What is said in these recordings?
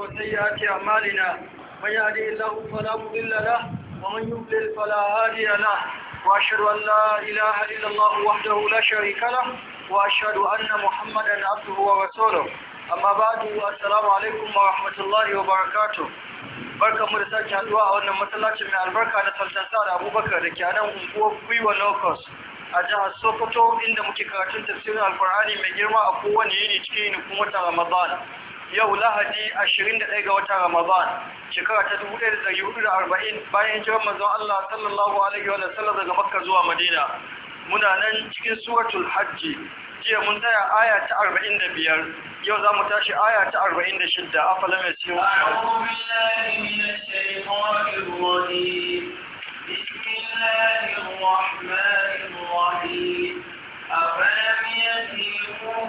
وسيئات أعمالنا من يهده الله فلا مضل له ومن يضلل فلا هادي له وأشهد أن لا إله إلا الله وحده لا شريك له وأشهد أن محمدا عبده ورسوله amma badu assalamu alaikum wa rahmatullahi wa Barka barkamu da sake haduwa a wannan masallacin mai albarka na Sultan Sa'ad Abubakar da ke nan unguwar Gwiwa Locust a jihar Sokoto inda muke karatun tafsirin Alkur'ani mai girma a kowane yini cikin yini kuma ta Ramadan yau lahadi ɗaya ga watan ramadan shekara ta arba'in, bayan hijirar manzon Allah sallallahu alaihi wa sallam daga makka zuwa madina muna nan cikin suratul hajji jiya mun tsaya aya ta biyar, yau za mu tashi aya ta 46 afalam yasiru a'udhu billahi minash shaitanir rajim bismillahir rahmanir rahim أَفَلَمْ يَسِيرُوا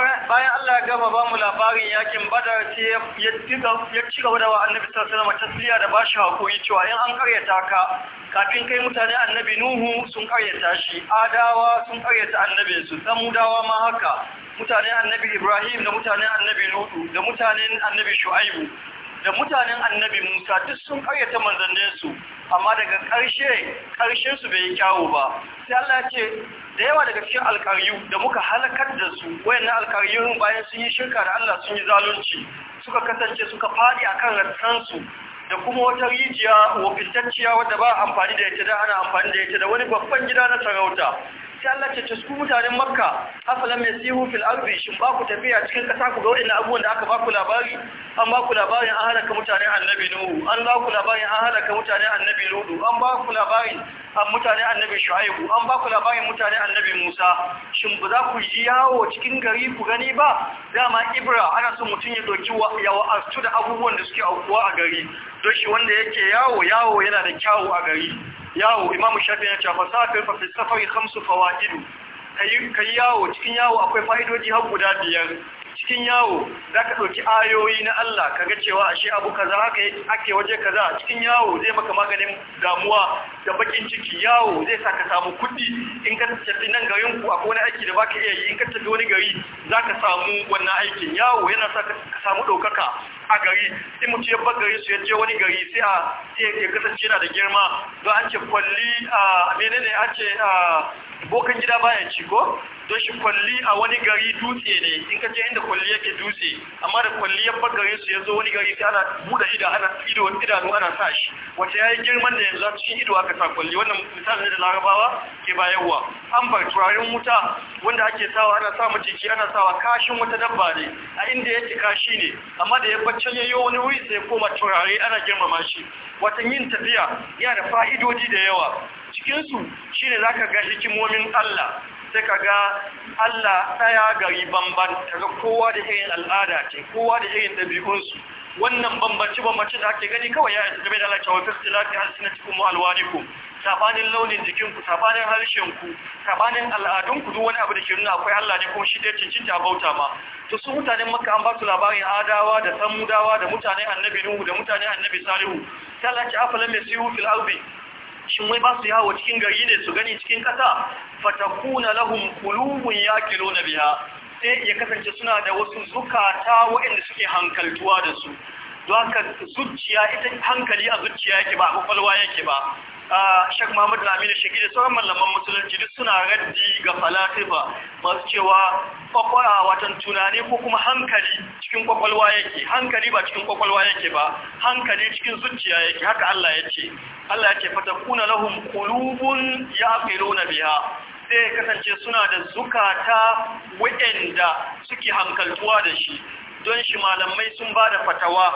bayan Allah ya gama ba mu labarin yakin badar sai ya ci gaba da wa annabi sallallahu alaihi wasallam tasliya da bashi hakuri cewa 'yan an karyata ka kafin kai mutane annabi nuhu sun karyata shi adawa sun karyata Annabi su samudawa ma haka mutane annabi ibrahim da mutane annabi nuhu da mutane annabi shu'aibu da mutanen annabi Musa duk sun karyata manzanninsu amma daga ƙarshe ƙarshensu bai yi kyawo ba sai Allah ce da yawa daga cikin alƙaryu da muka halakar da su na alƙaryun bayan sun yi shirka da Allah sun yi zalunci suka kasance suka faɗi a kan rattansu, da kuma wata rijiya wa fitacciya wadda ba amfani da ita da ana amfani da ita da wani babban gida na sarauta sai Allah ce tusku mutanen makka mai yasihu fil ardi shin ba ku tafiya cikin kasa ku ga wadannan abubuwan da aka ba ku labari an ba ku labarin an halaka mutanen annabi nuhu an ba ku labarin an halaka mutanen annabi ludu an ba ku labarin an mutanen annabi shu'aibu an ba ku labarin mutanen annabi musa shin ba za ku yi yawo cikin gari ku gani ba dama ibra ana son mutum ya doki ya wa'astu da abubuwan da suke aukuwa a gari don wanda yake yawo yawo yana da kyawu a gari yawo imamu shafi yana cewa fasafir fa fi safari khamsu fawaidu kai yawo cikin yawo akwai fa'idodi har guda biyar cikin yawo za ka ɗauki ayoyi na Allah ka ga cewa ashe abu kaza haka ake waje kaza cikin yawo zai maka maganin damuwa da bakin ciki yawo zai sa ka samu kuɗi in ka tafi nan garin ku a wani aiki da baka iya yi in ka tafi wani gari za ka samu wannan aikin yawo yana sa ka samu ɗaukaka a gari In mutu ya bar gari su ya je wani gari sai a ya kasance yana da girma don an ce kwalli a menene an ce bokan gida baya ci ko don shi kwalli a wani gari dutse ne in ka je inda kwalli yake dutse amma da kwalli ya garin su yanzu wani gari sai ana buɗe ido ana ido idanu ana sa shi wace yayi girman da yanzu shi ido aka sa kwalli wannan ne da larabawa ke bayarwa an bar turaren wuta wanda ake sawa ana sa maciji ana sawa kashin wata dabba ne a inda yake kashi ne amma da ya ya yayyo wani wuri sai koma turare ana girmama shi watan yin tafiya yana da fa'idodi da yawa cikinsu shine zaka ga hikimomin Allah sai ka ga Allah ɗaya gari bamban ga kowa da irin al'ada ce kowa da irin ɗabi'unsu wannan bambanci bambanci da ake gani kawai ya isa game da da cewa fi tilafi alsinatikum wa ku sabanin launin jikinku sabanin harshenku sabanin al'adunku duk wani abu da ke nuna akwai Allah ne kuma shi cincin ta bauta ma to su mutanen makka an ba su labarin adawa da samudawa da mutanen annabi nuhu da mutanen annabi salihu ta lati afalan yasiru fil ardi shin wai ba su yawo cikin gari ne su gani cikin kasa? fatakuna lahum qulubun yaqiluna biha sai ya kasance suna da wasu zukata waɗanda suke hankaltuwa da su don haka zuciya ita hankali a zuciya yake ba a kwakwalwa yake ba shek da Aminu Shagi da sauran malaman musulunci duk suna raddi ga falasifa masu cewa kwakwara watan tunani ko kuma hankali cikin kwakwalwa yake hankali ba cikin kwakwalwa yake ba hankali cikin zuciya yake haka Allah ya ce Allah ya ce fatakuna lahum qulubun yaqiluna biha zai kasance suna da zukata waɗanda suke hankaltuwa da shi don shi malamai sun ba da fatawa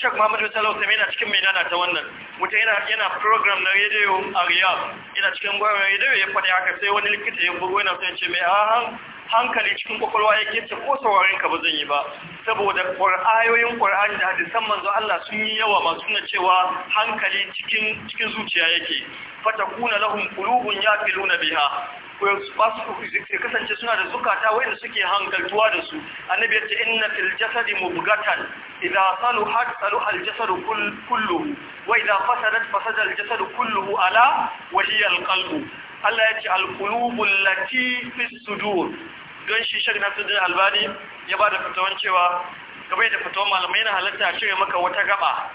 shak muhammadu salau sami yana cikin mai ta wannan mutum yana program na rediyo a riyadh yana cikin gwamnan rediyo ya faɗi haka sai wani likita ya bugu yana sai ce mai ahan ah, hankali cikin kwakwalwa ya kinta ko saurarin ka ba zan yi ba saboda ayoyin ƙwar'ani da hadisan manzo Allah sun yi yawa masu nuna cewa hankali cikin cikin zuciya yake fatakuna lahum qulubun yaqiluna biha ya kasance suna da zukata wanda suke hankaltuwa da su annabi yace inna fil jasadi mubghatan idha saluhat saluha al jasadu kulluhu wa idha fasadat fasada al jasadu kulluhu ala wa hiya al qalbu Allah yace al qulubu allati fi sudur don shi shagna sudur albani ya ba da fatawan cewa kamar da fatawan malamai na halatta a cire maka wata gaba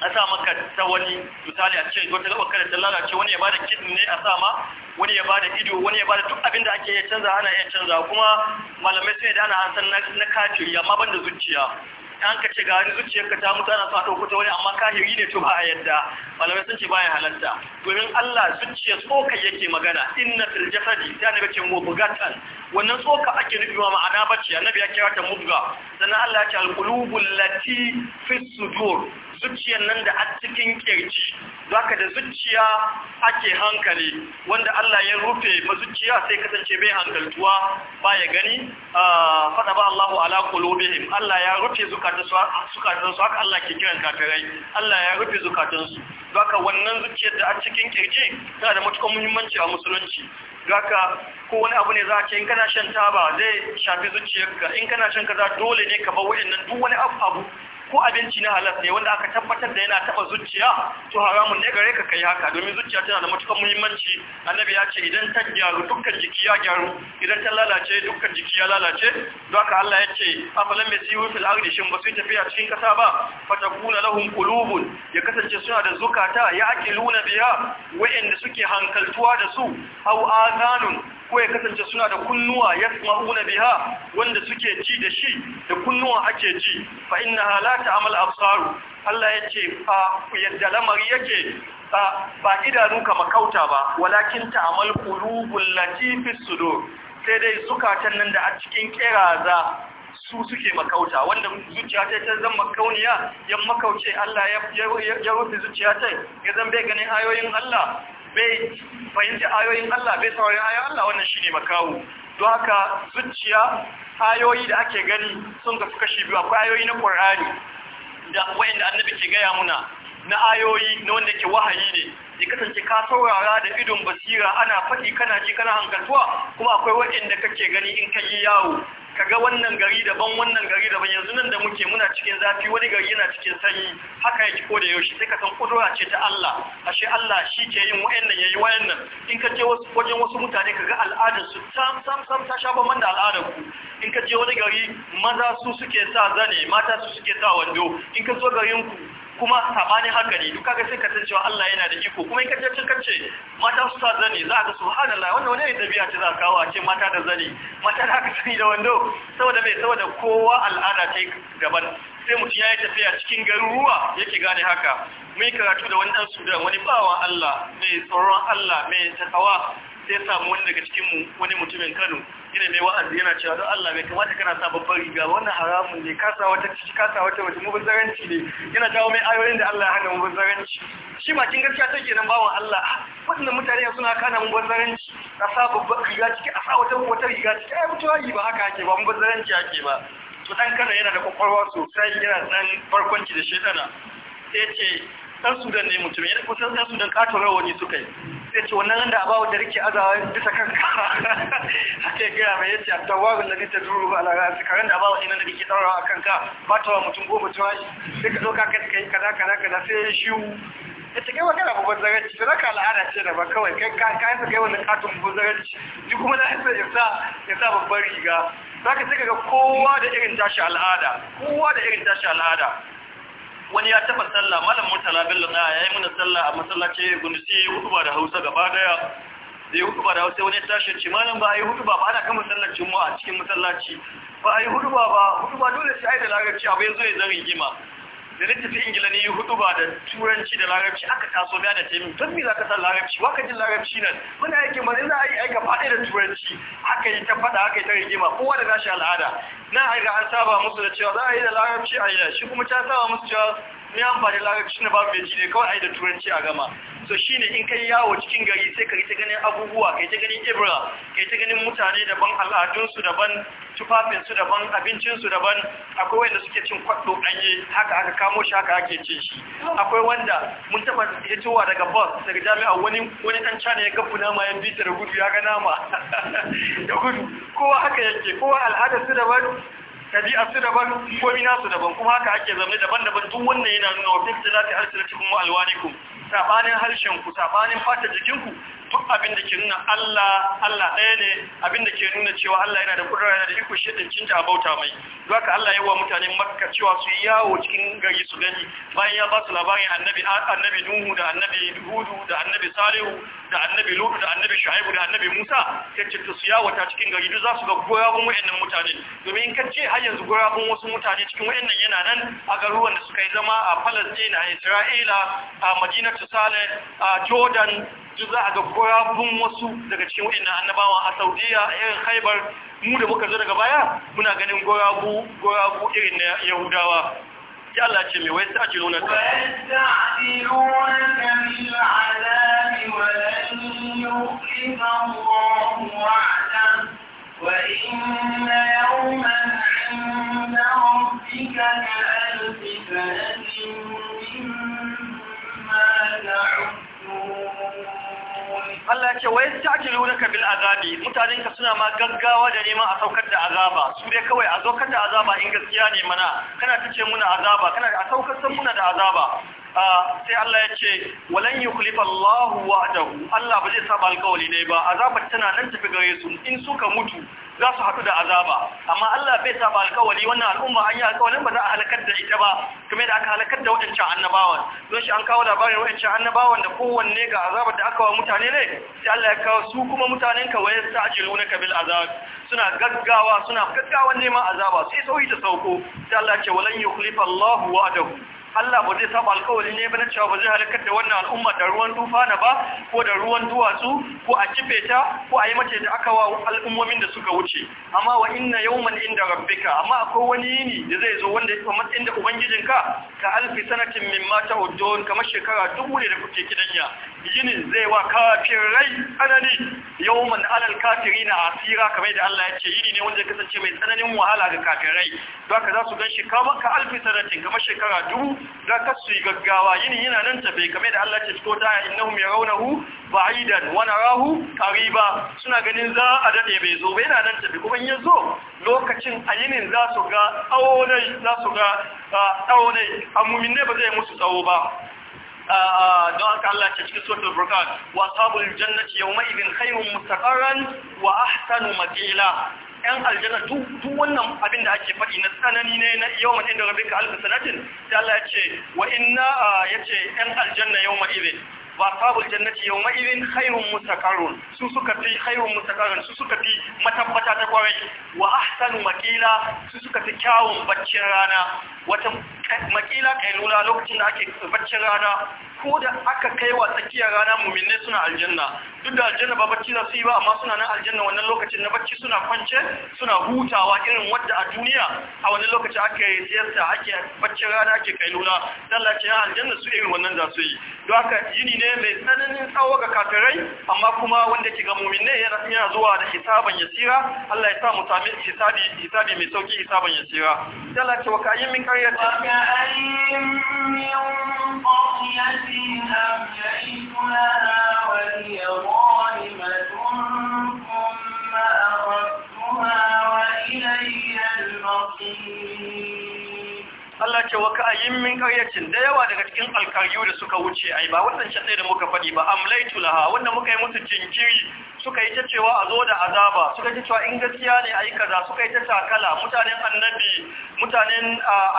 a sa maka ta wani misali a ce wata gaba kada ta lalace wani ya bada kidney ne a sa ma wani ya bada ido wani ya bada duk abin da ake iya canza ana iya canza kuma malamai sun da ana an san na kafiri amma ban da zuciya ta hanka ce ga wani zuciyar ka ta mutu ana sa ɗauko ta wani amma kahiri ne to ba a yadda malamai sun ce baya halatta domin Allah zuciyar tsoka yake magana inna fil jasadi ta bace mu bugatan wannan tsoka ake nufi ma ma'ana bace annabi ya kira ta mubga sannan Allah ya ce al qulubul lati fis sudur zuciyar nan da a cikin kirci ka da zuciya ake hankali wanda Allah ya rufe ma zuciya sai kasance bai hankaltuwa ba ya gani fada ba Allahu ala qulubihim Allah ya rufe zukatansu haka Allah ke kiran kafirai Allah ya rufe zukatansu za ka wannan zuciyar da a cikin kirci tana da matukar muhimmanci a musulunci ka ko wani abu ne za a ce in kana shan taba zai shafi zuciyarka in kana shan kaza dole ne ka bar waɗannan duk wani abu ko abinci na halas ne wanda aka tabbatar da yana taba zuciya to haramun ne gare ka kai haka domin zuciya tana da matukar muhimmanci annabi ya ce idan ta gyaru dukkan jiki ya gyaru idan ta lalace dukkan jiki ya lalace don haka Allah ya ce afalan siyu fil ardi shin ba su tafiya cikin kasa ba fatakuna lahum qulubun ya kasance suna da zukata ya aqiluna biha wa'anda suke hankaltuwa da su aw azanun ko ya kasance suna da kunnuwa yasma'una biha wanda suke ci da shi da kunnuwa ake ji fa inna ta amal absaru Allah ya ce fa yadda lamari yake ba idanu ka makauta ba walakin ta'mal qulubul latifis sudur sai dai zukatan nan da a cikin kiraza su suke makauta wanda zuciya ta ta zan makauniya yan makauce Allah ya rufe zuciya ta ya zan ganin ayoyin Allah bai fahimci ayoyin Allah bai saurin ayoyin Allah wannan shi ne makawo don haka zuciya ayoyi da ake gani sun kafi kashi biyu akwai ayoyi na ƙwararri da wayanda annabi ke gaya muna na ayoyi na wanda ke wahayi ne ya kasance ka saurara da idon basira ana faɗi kana ji kana hankaltuwa kuma akwai waɗanda kake gani in ka yi yawo kaga wannan gari daban wannan gari daban yanzu nan da muke muna cikin zafi wani gari yana cikin sanyi haka yake ko da yaushe sai ka san kudura ce ta Allah ashe Allah shi ke yin wayannan yayi wayannan in ka je wasu wajen wasu mutane kaga al'adar su sam sam sam ta sha ban da al'adar ku in ka je wani gari maza su suke sa zane mata su suke sa wando in ka zo garinku. kuma sabanin haka ne duka ga sai ka cewa Allah yana da iko kuma in ka tace kace mata su sa zani za ka subhanallah wannan wani ne dabi'a ce za ka kawo a ce mata da zani mata da haka sani da wando saboda mai saboda kowa al'ada ta gaban sai mutum ya yi tafiya cikin garuruwa yake gane haka mun karatu da wani dan Sudan wani bawan Allah mai tsoron Allah mai takawa sai samu wani daga cikin wani mutumin Kano yana mai wa'azi yana cewa don Allah mai kamata kana sa babbar riga wannan haramun ne kasa wata ciki kasa wata Mubin mubazzaranci ne yana jawo mai ayoyin da Allah ya hana mubazzaranci shi kin gaskiya take nan bawon Allah ah, wannan mutane suna kana mubazzaranci a sa babbar riga ciki a sa wata wata riga ciki ai mutuwa ba haka ake ba mubazzaranci ake ba to dan kana yana da kwakwalwa sosai yana dan farkonci da shedana sai ce ɗan sudan ne mutum yana kusan ɗan sudan katorar wani suka yi sai ce wannan da abawa da rike azawa bisa kan haka gaya mai yace a tawarin da ta duru ala rasu karen da abawa ina da rike ɗaurawa a kanka ba ta wa mutum goma tuwa sai ka ɗauka kai kai yi kada kada sai ya shiwu ya ta kai magana babban zaranci da ka al'ada ce da ba kawai kai ka yi kai wannan katon babban zaranci duk kuma na yasa ya sa ya sa babban riga za sai ga kowa da irin tashi al'ada kowa da irin tashi al'ada wani ya taba sallah malam murtala bello na yi mana sallah a masallaci gundusi hutuba da Hausa gaba daya Sai hutuba da hausa wani tashi ci malam ba a yi hutuba ba ana kan musallar juma'a cikin masallaci ba a yi hutuba ba hutuba dole sai a yi da lagarci abu ya zo ya zan rigima da nake ingilani ingila ne hudu ba da turanci da larabci aka taso da ta yi don za ka san larabci ba ka jin larabci nan muna yake ma za a yi aika faɗi da turanci haka yi ta faɗa haka yi ta rigima kowa da nashi al'ada na haiga an saba musu da cewa za a yi da larabci a yi shi kuma ta saba musu cewa ne amfani larabci ne babu mai ji kawai ai da turanci a gama so shine in kai yawo cikin gari sai ka ta ganin abubuwa kai ta ganin ibra kai ta ganin mutane daban al'adunsu daban tufafinsu daban abincinsu daban akwai wanda suke cin kwaɗo ɗanye haka aka kamo shi haka ake cin shi akwai wanda mun taɓa hitowa daga bus daga jami'a wani wani ɗan cana ya gabu nama ya ta da gudu ya ga nama da gudu kowa haka yake kowa al'adarsu daban ɗabi'a su daban ko ina su daban kuma haka ake zaune daban-daban tun wannan yana nuna wa fitilati cikin wa ku sabanin harshen ku sabanin fata jikin ku duk abin da ke nuna Allah Allah ɗaya ne abin da ke nuna cewa Allah yana da kudura yana da iko shi din cinta bauta mai don haka Allah wa mutane makka cewa su yi yawo cikin gari su gani bayan ya ba su labarin annabi annabi Nuhu da annabi Hudu da annabi Salihu da annabi Lutu da annabi Shu'aibu da annabi Musa sai ce su yawo ta cikin gari duk za su ga goyabun wayannan mutane domin in ce har yanzu goyabun wasu mutane cikin wayannan yana nan a garuruwan da suka yi zama a Palestine a Isra'ila a Madinatu Saleh a Jordan duk za a ga kurafin wasu daga cikin wa'annan annabawa a saudiya irin haibar mu da muka zo daga baya muna ganin gurabu irin na yahudawa ya Allah ce mai wai sa ci nuna ka وَإِنَّ يَوْمًا Allah ya ce wa yasta'jilunaka bil azabi mutanen ka suna ma gaggawa da neman a saukar da azaba su dai kawai a saukar da azaba in gaskiya ne mana kana tace muna azaba kana a saukar san muna da azaba ah, sai Allah ya ce walan yukhlifa Allahu wa'dahu Allah ba zai saba alƙawari ne ba azabar tana nan tafi gare su in suka mutu za su haɗu da azaba amma Allah bai saba alkawari wannan al'umma an yi alkawarin ba za a halakar da ita ba kuma da aka halakar da waɗancan annabawan don shi an kawo labarin waɗancan annabawan da kowanne ga azabar da aka wa mutane ne sai Allah ya kawo su kuma mutanen ka wayar sa ajiru na kabil azab suna gaggawa suna gaggawa neman azaba sai sauyi ta sauko sai Allah ce walan yukhlifa Allahu wa'adahu Allah ba zai saba alkawari ne ba na cewa ba zai halakar da wannan al'umma da ruwan na ba ko da ruwan duwatsu ko a kife ta ko a yi mace da aka wa al'ummomin da suka wuce amma wa inna yawman inda rabbika amma akwai wani yini da zai zo wanda ya matsayin da ubangijinka ka alfi sanatin mimma ta'udun kamar shekara dubu ne da kuke kidanya ginin zai wa rai tsanani man alal kafiri na asira kamar da Allah ya ce yini ne wanda ya kasance mai tsananin wahala ga kafin rai za ka za su gan shekaru ka alfi sanatin kamar shekara dubu za ka su yi gaggawa yini yana nan tafe kamar da Allah ya ce fito ta ya yi yi da wa narahu ba suna ganin za a dade bai zo ba yana nan tafe kuma ya zo lokacin a yinin za su ga tsawonai za su ga tsawonai amma ne ba zai musu tsawo ba don aka Allah ke cikin suratul burqan wa ashabul jannati yawma idhin khayrun mustaqarran wa ahsanu maqila yan aljanna duk wannan abin da ake faɗi na tsanani ne na yau mai inda rabin ka alfi sanatin Allah ya ce wa inna ya ce yan aljanna yau mai wa ashabul jannati yawma idhin khayrun mustaqarrun su suka fi khayrun mustaqarrun su suka fi matabbata ta kwarai wa ahsanu makila su suka fi kyawun baccin rana wata makila lula lokacin da ake baccin rana ko da aka kai wa tsakiyar rana muminai suna aljanna duk da aljanna ba bacci za su yi ba amma suna nan aljanna wannan lokacin na bacci suna kwance suna hutawa irin wadda a duniya a wani lokacin ake yi siyasta ake baccin rana ake lula dan lafiyar ah, aljanna su irin wannan za su yi don haka yini ne ne mai tsananin tsawo ga kafirai amma kuma wanda ke ga mu'mine yana zuwa da hisaban yasira Allah ya sa mu sami hisabi mai sauki hisaban yasira Allah ce wa ka'ayyin min qaryatin ta ka'ayyin min qaryatin amlaytuha wa wa ilayya al Allah ce wa ka'ayyin min qaryacin da yawa daga cikin alkaryu da suka wuce ai ba wadancan ɗaya da muka faɗi ba amlaitu laha wanda muka yi musu jinkiri suka yi ta cewa a zo da azaba suka ji cewa in gaskiya ne ai kaza suka yi ta takala mutanen annabi mutanen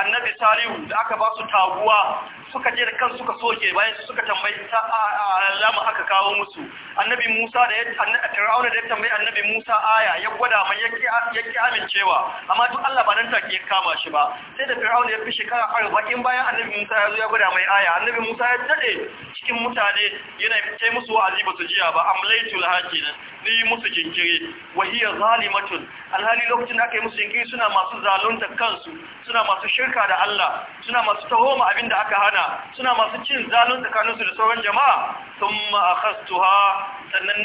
annabi salihu da aka ba su taguwa suka je da kansu suka soke bayan suka tambayi alama aka kawo musu annabi Musa da Fir'auna da ya tambayi annabi Musa aya ya gwada mai yake amincewa amma duk Allah ba nan take ya kama shi ba sai da Fir'auna ya fi shekara arba'in bayan annabi Musa ya zo ya gwada mai aya annabi Musa ya daɗe cikin mutane yana kai musu wa'azi ba su jiya ba amlaitul nan, ni musu jinkiri wa hiya zalimatun alhali lokacin da aka yi musu jinkiri suna masu zalunta kansu suna masu shirka da Allah suna masu abin da aka hana mana suna masu cin zalun tsakaninsu da sauran jama'a sun ha sannan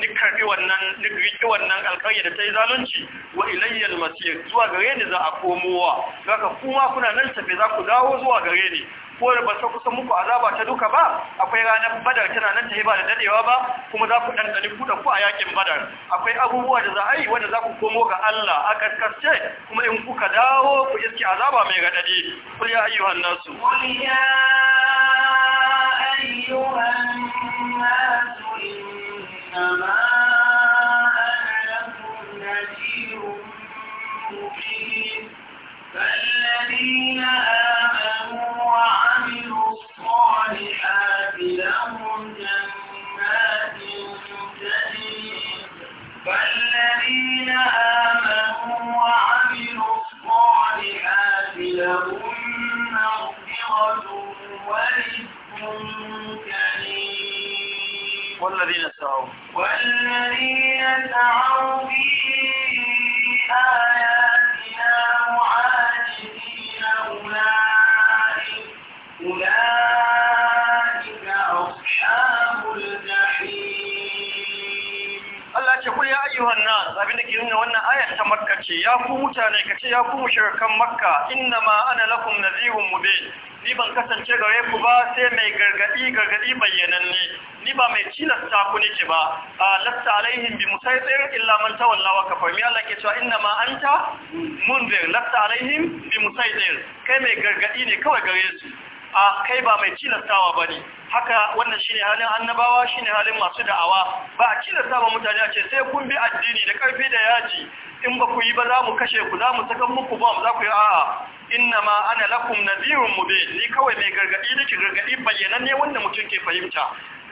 nikarfi ah, wannan nikarfi wannan alkarya da ta yi zalunci wa ilayyar masir zuwa gare ni za a komowa ka kuma kuna nan tafe za ku dawo zuwa gare ni ko da ba su kusa muku azaba ta duka ba akwai ranar badar tana nan ta yi ba da dadewa ba kuma za ku ɗanɗani kuɗa ku a yakin badar akwai abubuwa da za a yi wanda za ku komo ga Allah a kaskasce kuma in kuka dawo ku iske azaba mai raɗaɗi kul ya ayyuhan nasu فالذين آمنوا فالذين آمنوا وعملوا الصالحات لهم مغفرة ورزق كريم والذين سعوا والذين ce ya ku mutane ka ce ya ku mushrikan makka innama ana lakum nadhirun mubin ni ban kasance gare ku ba sai mai gargadi gargadi bayyananne ni ba mai cilasta ku nake ba lasta alaihim bi musaytir illa man tawalla wa kafar mi Allah ke cewa innama anta munzir lasta alaihim bi musaytir kai mai gargadi ne kawai gare su a kai ba mai cilastawa bane haka wannan shine halin annabawa shine halin masu da'awa ba a cire saba mutane a ce sai kun bi addini da karfi da yaji in ba ku yi ba za mu kashe ku za mu saka muku bom za ku yi a'a inna ma ana lakum nadhirun mubin ni kawai mai gargadi nake gargadi ne wanda mutum ke fahimta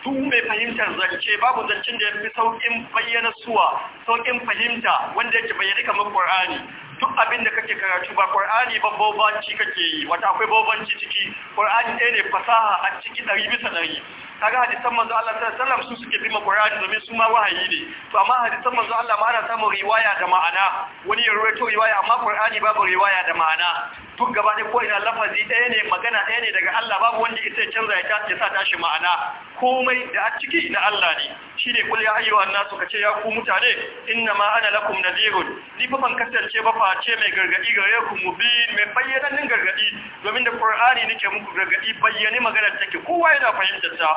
duk mai fahimtar zance babu zancen da ya fi saukin bayyana suwa sauƙin fahimta wanda yake bayyana kamar ƙur'ani duk abin da kake karatu ba ƙwar'ani ba bobanci kake yi wata akwai bobanci ciki ƙwar'ani ɗaya ne fasaha a ciki ɗari bisa ɗari kaga hadisan manzo Allah sallallahu alaihi wasallam su suke bima Qur'ani domin su ma wahayi ne to amma hadisan manzo Allah ma ana samun riwaya da ma'ana wani ya rawaito riwaya amma Qur'ani babu riwaya da ma'ana duk gaba da ko ina lafazi ɗaya ne magana ɗaya ne daga Allah babu wanda isa ya canza ya sa tashi ma'ana komai da a ciki na Allah ne Shi ne shine kul na su nasu ce ya ku mutane inna ma ana lakum nadirun ni fa ban kasance ba fa ce mai gargadi gare ku mubin mai bayyananin gargadi domin da Qur'ani nake muku gargadi bayyane magana take kowa yana fahimtar ta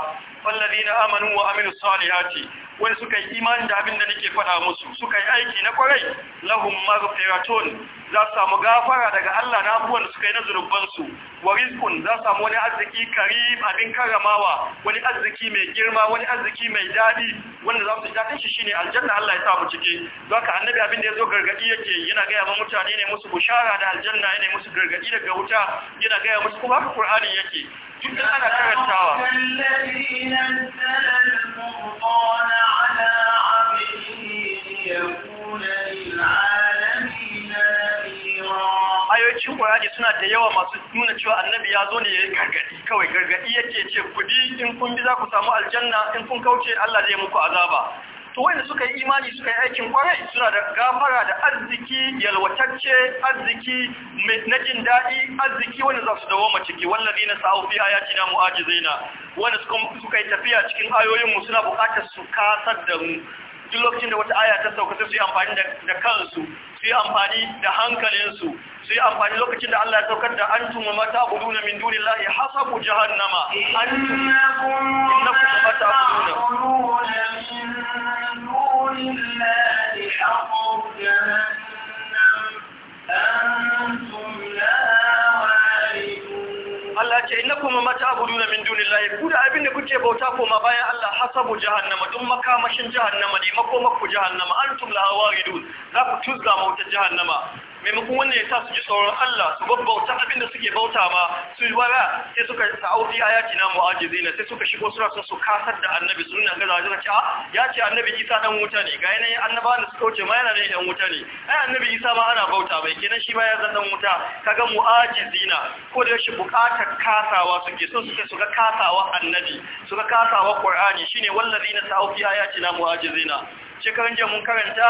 wallazina amanu wa amilu salihati wani suka yi imani da abin da nake faɗa musu suka yi aiki na kwarai lahum maghfiratun za su samu gafara daga Allah na abubuwan da suka yi na zurubban su wa rizqun za su samu wani arziki karim abin karamawa wani arziki mai girma wani arziki mai dadi wanda za su ji dadin shi shine aljanna Allah ya sa mu cike ka annabi abin da yazo gargadi yake yana ga yawa mutane ne musu bushara da aljanna yana musu gargadi daga wuta yana ga musu kuma Qur'ani yake duk ana karantawa suna da yawa masu nuna cewa annabi ya zo ne yi gargadi kawai gargadi yake ce kudi in kun bi za ku samu aljanna in kun kauce Allah zai muku azaba to wanda suka yi imani suka yi aikin kwarai suna da gafara da arziki yalwatacce arziki na jin daɗi arziki wanda za su dawoma ciki wallazi na sa'u fi na mu'ajizaina wanda suka yi tafiya cikin mu suna buƙatar su kasar da mu duk lokacin da wata aya ta sauka sai su yi amfani da kansu su yi amfani da hankalinsu su yi amfani lokacin da Allah ya saukar da an tuma mata budu na min duni lahi hasabu jahannama an tuma mata na لله حمر mata أنتم لها min dunillahi ku da abin da kuke bauta ko ma bayan Allah hasabu jahannama dun makamashin jahannama ne makomaku jahannama antum laha waridun za ku tuzga mota jahannama maimakon wannan ya sa su ji tsoron Allah su babbauta abinda suke bauta ma su yi wara sai suka a ayati na sai suka shigo suna sun su kasar da annabi su nuna gaza da ce a ah, ya ce annabi Isa dan wuta ne ga yanayin annaba da suka wuce ma yana da dan wuta ne ai annabi Isa ma ana bauta bai kenan shi ba ya zan dan wuta kaga mu'ajizina ko da shi bukatar kasawa suke son suke suka kasawa annabi suka kasawa Qur'ani shine wallazina a ayati na mu'ajizina shekaran jiya mun karanta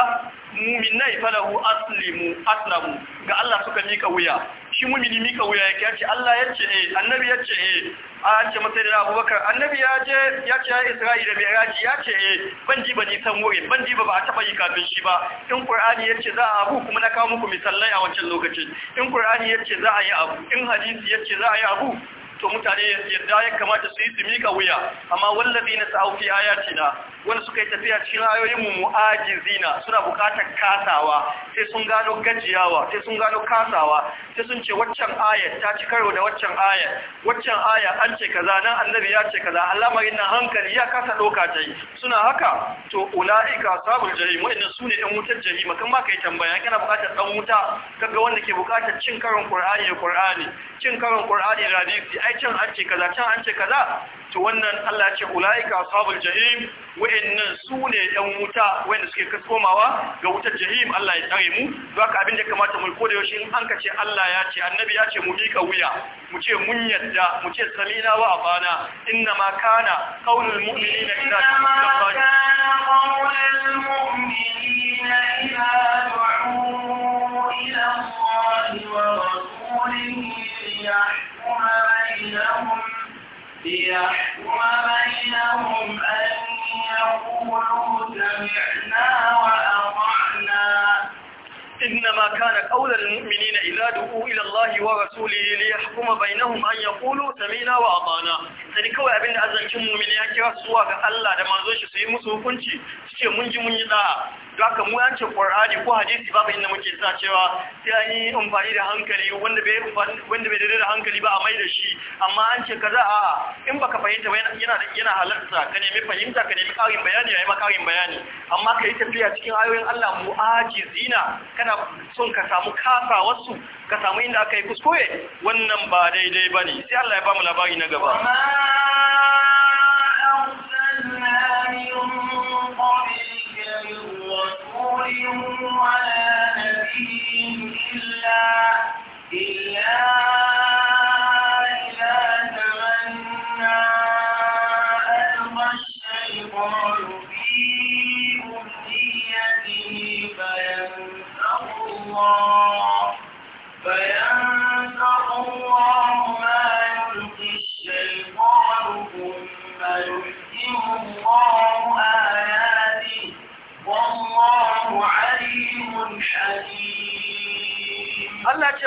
muminai falahu aslimu aslamu ga Allah suka mika wuya shi mumini mika wuya yake yace Allah yace eh annabi yace eh a ce masa da Abubakar annabi ya je ya ce ya Isra'ila da raji ya ce eh ban ji bani san wuri ban ji ba ba a taba yi kafin shi ba in Qur'ani yace za a abu kuma na kawo muku misalai a wancan lokacin in Qur'ani yace za a yi abu in hadisi yace za a yi abu to mutane yadda ya kamata su yi su mika wuya amma wallazi na sa'u fi ayatina wanda suka yi tafiya cikin ayoyin mu zina suna bukatar kasawa sai sun gano gajiyawa sai sun gano kasawa sai sun ce waccan ayat ta ci karo da waccan ayat waccan aya an ce kaza nan annabi ya ce kaza al'amarin nan hankali ya kasa doka ta yi suna haka to ulaika sabul jahim wa'annan sune dan wutar jahima kan ma kai tambaya kana bukatar dan wuta kaga wanda ke bukatar cin karon qur'ani da qur'ani cin karon qur'ani da hadisi ai can an ce kaza can an ce kaza to wannan Allah ya ce ulaika sabul jahim wa wayannan su ne ɗan wuta wanda suke kaskomawa ga wutar jahim Allah ya tsare mu Za ka abin da kamata mu da yaushe an ka ce Allah ya ce annabi ya ce mu miƙa wuya mu ce mun yadda mu ce salina wa bana inna ma kana qaulul mu'minina idza ليحكم بينهم أن يقولوا سمعنا وأطعنا إنما كان قول المؤمنين إذا دعوا إلى الله ورسوله ليحكم بينهم أن يقولوا سمينا وأطعنا sai kawai abin da azalcin mu'mini ya kira su zuwa ga Allah da manzon su yi musu hukunci suke mun ji mun yi haka mu yance Qur'ani ko hadisi babu inda muke sa cewa sai an yi amfani da hankali wanda bai wanda bai da hankali ba a mai da shi amma an ce kaza a in baka fahimta ba yana yana halarta ka nemi fahimta ka nemi ƙarin bayani yi maka ƙarin bayani amma kai tafiya cikin ayoyin Allah mu ajizina kana son ka samu kafa wasu ka samu inda aka yi kuskure wannan ba daidai bane sai Allah ya ba mu labari na gaba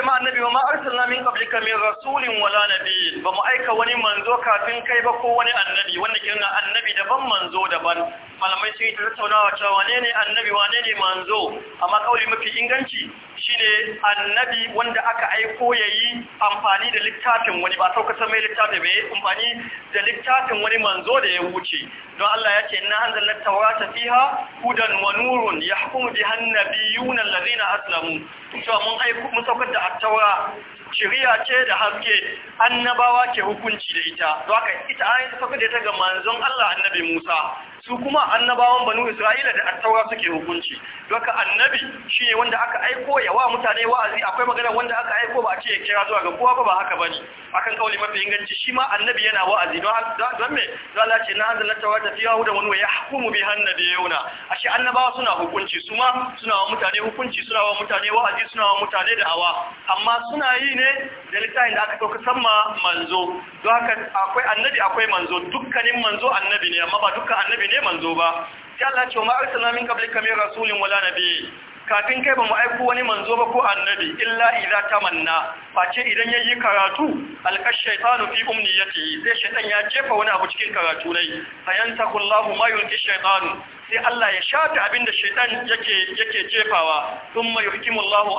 ce ma annabi ma arsalna min qablika min rasulin wala ba mu aika wani manzo kafin kai ba ko wani annabi wanda ke annabi daban manzo daban malamai sun yi ta tattaunawa cewa wane ne annabi wane ne manzo amma kauli mafi inganci shine annabi wanda aka aiko yayi amfani da littafin wani ba sauka mai littafi bai amfani da littafin wani manzo da ya wuce don Allah ya ce inna anzalna tawrata fiha hudan wa nurun yahkumu biha an-nabiyyun alladhina aslamu cewa mun aiko mun saukar da at-taura shiriya ce da haske annabawa ke hukunci da ita don haka ita ayin saukar da ita ga manzon Allah annabi Musa su kuma annabawan banu isra'ila da attaura suke hukunci doka annabi shi ne wanda aka aiko ya wa mutane wa'azi akwai magana wanda aka aiko ba a ce ya kira zuwa ga kowa ba ba haka bane akan kauli mafi inganci shi ma annabi yana wa'azi don don me don Allah ce na hanzala tawata fi yahuda wani ya hukumu bi hannabiyuna ashe annabawa suna hukunci su ma suna wa mutane hukunci suna wa mutane wa'azi suna wa mutane da hawa. amma suna yi ne da littafin da aka dauka samma manzo don haka akwai annabi akwai manzo dukkanin manzo annabi ne amma ba dukkan annabi je manzo ba sai Allah ce ma arsalna min qablika rasulin wala nabi kafin kai ba mu aiko wani manzo ba ko annabi illa idza tamanna face idan yayi karatu alkash shaytanu fi umniyatihi sai shaytan ya jefa wani abu cikin karatu nai fayantakullahu ma yulki shaytanu sai Allah ya shafe abinda da shaitan yake yake jefawa thumma ya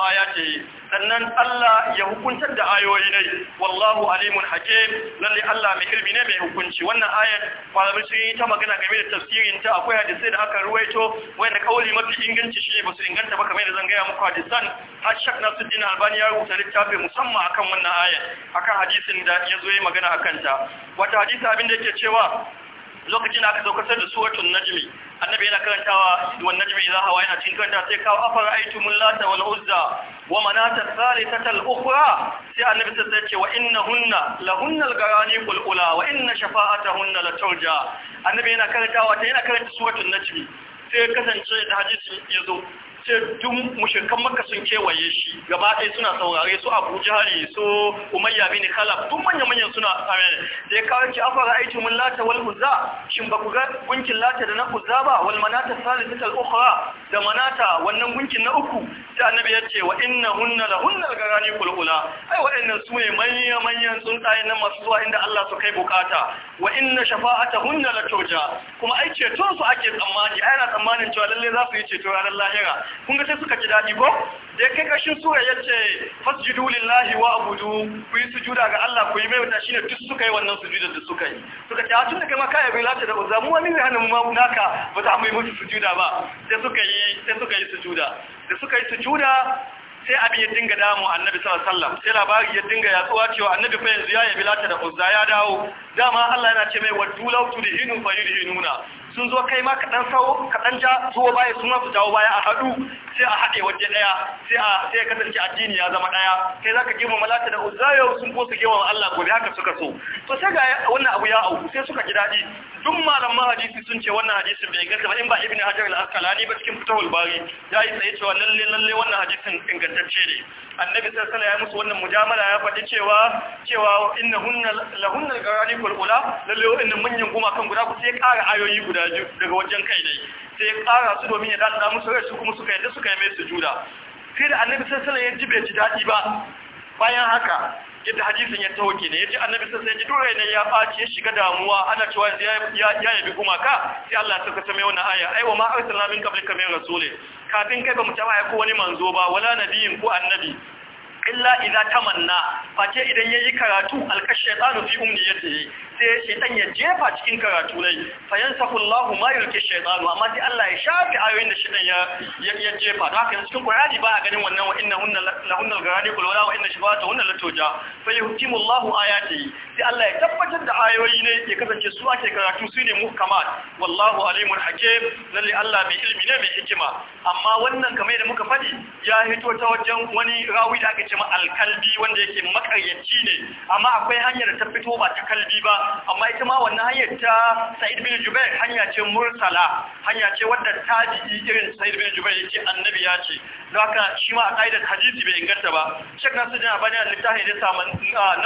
ayatihi sannan Allah ya hukuntar da ayoyi ne wallahu alimun hakim lalle Allah mai ilmi ne mai hukunci wannan ayat malamai sun yi ta magana game da tafsirin ta akwai hadisai da aka ruwaito wanda kauli mafi inganci shi ba su inganta ba kamar da zan gaya muku hadisan har shak dina Albani ya rubuta littafin musamman akan wannan ayat akan hadisin da ya zo yi magana akan ta wata hadisi abin da yake cewa lokacin aka saukar da suratul najmi annabi yana karantawa wan najmi idha hawa yana cikin karanta sai kawo afara aitumul lata wal uzza wa manat thalithata al ukhra sai annabi sai ce wa innahunna lahunna garani qul ula wa inna shafa'atahunna la turja annabi yana karantawa ta yana karanta suratul najmi sai kasance da hadisi yazo sai duk mushrikan makka sun kewaye shi gaba ɗaya suna saurare su abu jahali su umayya bin khalaf duk manya manyan suna amen sai kawo ki afara aiki mun lata wal uzza shin ba ku ga gunkin lata da na uzza ba wal manata salisatal ukhra da manata wannan gunkin na uku da annabi ya ce wa innahunna lahunna al-garani kulula ai wa'annan su ne manyan manyan tsuntsaye na masu zuwa inda Allah su kai bukata wa inna shafa'atahunna la turja kuma ai ceton su ake tsammani ai na tsammanin cewa lalle za su yi ceto ranar lahira kun ga sai suka ji daɗi ko da kai ƙarshen sura ya ce fasjudu lillahi wa abudu ku yi sujuda ga Allah ku yi mai wata shine duk suka yi wannan sujudar da suka yi suka ce a tun da kai ma kai bai da uzza wani ne hanin ma naka ba za mu yi musu sujuda ba sai suka yi sai suka yi sujuda da suka yi sujuda sai abin ya dinga damu annabi sallallahu alaihi wasallam sai labari ya dinga yatsuwa cewa annabi fa yanzu ya yi bilata da uzza ya dawo dama Allah yana ce mai waddu law tudhinu fa yudhinuna sun zo kai ma kaɗan sau kaɗan ja zuwa baya sun su jawo baya a haɗu sai a haɗe waje ɗaya sai a sai ya kasance addini ya zama ɗaya kai zaka girma malaka da uzayo sun ko su girma Allah gobe haka suka so to sai ga wannan abu ya auku sai suka ji daɗi duk malaman hadisi sun ce wannan hadisin bai ganta ba in ba ibnu hajar al-asqalani ba cikin fitahul bari ya yi tsaye cewa lalle lalle wannan hadisin ingantacce ne annabi sallallahu alaihi wasallam ya musu wannan mujamala ya faɗi cewa cewa innahunna lahunnal al-qarani ula lalle wannan manyan kan guda ku sai ƙara ayoyi guda daga wajen kai ne sai ya ƙara su domin ya dada musu rai su kuma suka yadda suka yi mai su juda sai da annabi sallallahu ya ji bai ji daɗi ba bayan haka yadda hadisin ya taho ne ya ji annabi sai ya ji dole ne ya ɓaci ya shiga damuwa ana cewa ya yabi gumaka sai Allah ta kasa mai wannan aya ai wa ma arsalna min qablika rasu ne. kafin kai ba mu taba ko wani manzo ba wala nabiyin ko annabi illa idza tamanna ce idan yayi karatu alkashaytanu fi umniyatihi sai shaitan ya jefa cikin karatu nai fa yansahu Allah ma yulki amma sai Allah ya shafi ayoyin da shaitan ya jefa don haka cikin Qur'ani ba a ganin wannan wa innahunna lahunnal gharaniqul wala wa ta shibahatuhunna latoja fa yuhkimu Allah yi sai Allah ya tabbatar da ayoyi ne ya kasance su ake karatu su ne muhkamat wallahu alimun hakim lalle Allah mai ilmi ne mai hikima amma wannan kamar da muka faɗi ya hito ta wajen wani rawi da aka ce ma alkalbi wanda yake makaryaci ne amma akwai hanyar da ta fito ba ta kalbi ba amma ita ma wannan hanyar ta Sa'id bin Jubair hanya ce mursala hanya ce wadda ta ji irin Sa'id bin Jubair yake annabi ya ce don haka shi ma a kaidar hadisi bai inganta ba Sheikh Nasruddin bani a littafi da sa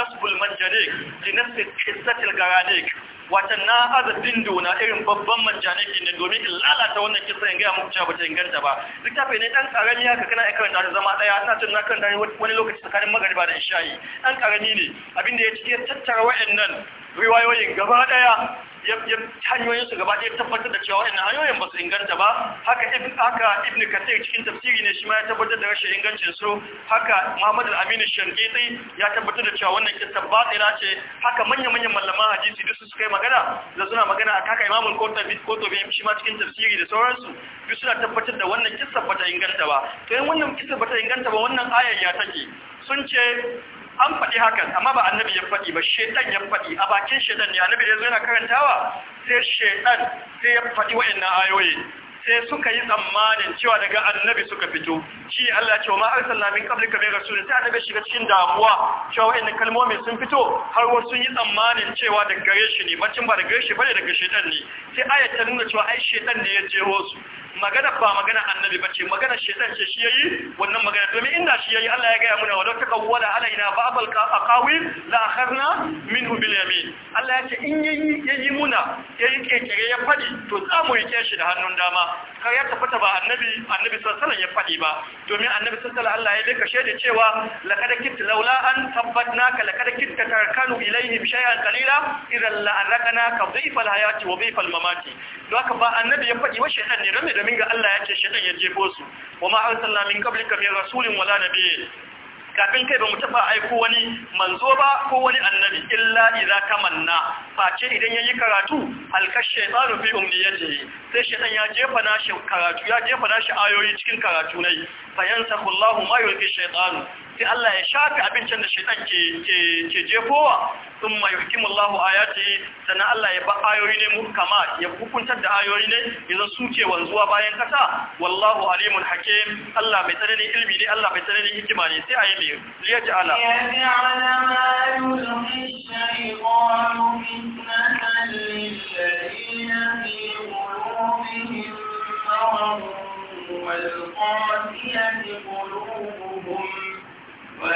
Nasbul Manjarik li nasbul qissatil Garanik watan na azabin na irin babban majane ke ne domin in lalata wannan kisa in gaya muku cewa ba ganta inganta ba littafi ne dan karami haka kana ya karanta da zama daya ina tun na karanta wani lokaci tsakanin magariba da isha'i dan karami ne abinda ya ci ya tattara wayannan riwayoyin gaba daya hanyoyin su gaba ɗaya tabbatar da cewa wa'annan hanyoyin ba su inganta ba haka ibn haka ibn kasir cikin tafsiri ne shi ma ya tabbatar da rashin ingancin su haka muhammadu Aminu amin ya tabbatar da cewa wannan ba tsira ce haka manyan manyan malaman hadisi duk su suka yi magana da suna magana a kaka imamul koto qurtubi shi ma cikin tafsiri da sauransu duk suna tabbatar da wannan ba ta inganta ba to yin wannan ba ta inganta ba wannan ayar ya take sun ce an faɗi hakan amma ba annabi ya faɗi ba shaitan ya faɗi a bakin shaitan ne annabi da zo yana karantawa sai shaitan sai ya faɗi wa'annan ayoyi sai suka yi tsammanin cewa daga annabi suka fito shi Allah ce ma arsalna min qablika bi rasulin sai annabi shiga cikin damuwa cewa wa'annan kalmomi sun fito har wasu sun yi tsammanin cewa daga gare shi ne bacin ba daga gare shi bane daga shaitan ne sai ayatan nuna cewa ai shaitan ne ya jero su magana ba magana annabi bace magana shedan ce shi yayi wannan magana domin inda shi yayi Allah ya gaya muna walau takawwala alaina ba'al aqawi la akharna minhu bil yamin Allah ya ce in yayi yayi muna yayi kekere ya fadi to za mu yake shi da hannun dama kar ya tafata ba annabi annabi sallallahu ya fadi ba domin annabi sallallahu Allah ya baka shaida cewa laqad kitta laula an tabbatnaka laqad kitta tarkanu ilayhim shay'an qalila idan la arqanaka dhayfa al hayati wa dhayfa al mamati don haka ba annabi ya fadi wa shaytan ne rame da domin ga Allah ya ce shaitan ya jefo su wa ma arsalna min qablika min rasulin wala nabi kafin kai ba mu taba aiko wani manzo ba ko wani annabi illa idza tamanna face idan yayi karatu halka shaytanu fi umniyati sai shaytan ya jefa shi karatu ya jefa shi ayoyi cikin karatu nai fayansakullahu ma yulqi shaytanu sai Allah ya shafi abincin da shaitan ke ke jefowa thumma yuhkimullahu ayati na Allah ya ba ayoyi ne kama ya hukuntar da ayoyi ne yanzu suke wanzuwa bayan kasa wallahu alimun hakim Allah mai tsananin ilmi ne Allah mai tsananin hikima ne sai ayi ne liyaj'ala yaj'ala ma yulqi Allah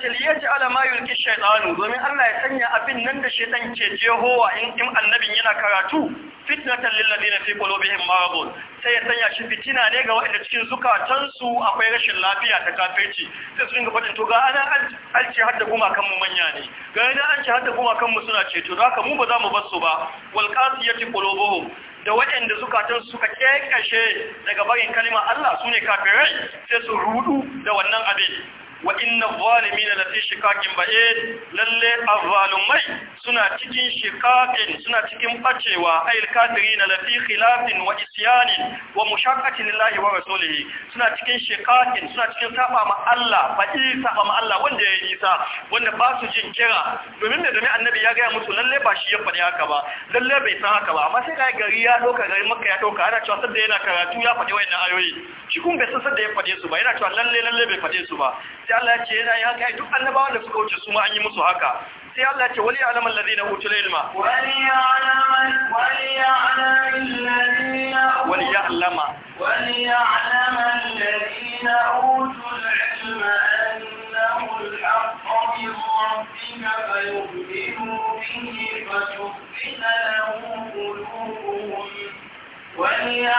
ce liye ce ala ma yulki shaitanu domin Allah ya sanya abin nan da shaitan ke jehowa in in annabin yana karatu fitnatan lil ladina fi qulubihim maradun sai ya sanya shi fitina ne ga waɗanda cikin zukatansu akwai rashin lafiya ta kafirci sai su dinga fadin to ga ana an ce hadda kuma kan mu manya ne ga ana an ce hadda kuma kan mu suna ceto don haka mu ba za mu bar su ba wal qasiyati qulubuhum da waɗanda zukatan suka kekashe daga barin kalmar Allah su ne kafirai sai su rudu da wannan abin wa inna zalimina la fi shikakin ba'id lalle azzalumai suna cikin shikakin suna cikin bacewa ayil kafirina la fi khilafin wa isyanin wa mushaqqatin lillahi wa rasulihi suna cikin shikakin suna cikin saba ma Allah ba'i saba ma Allah wanda ya yi nisa wanda ba su jin kira domin da domin annabi ya gaya musu lalle ba shi ya faɗi haka ba lalle bai san haka ba amma sai ga gari ya doka gari makka ya doka ana cewa sadda yana karatu ya faɗi wayannan ayoyi shi kun bai san sadda ya faɗe su ba yana cewa lalle lalle bai faɗe su ba sai Allah ya ce yana yi haka duk annabawan da suka wuce su ma an yi musu haka sai Allah ya ce wali alaman ladina utul ilma wali alaman wali alaman ladina wali alama wali alaman ladina utul ilma annahu alhaqqu min rabbika fayu'minu bihi fatukhbina lahu qulubuhum wali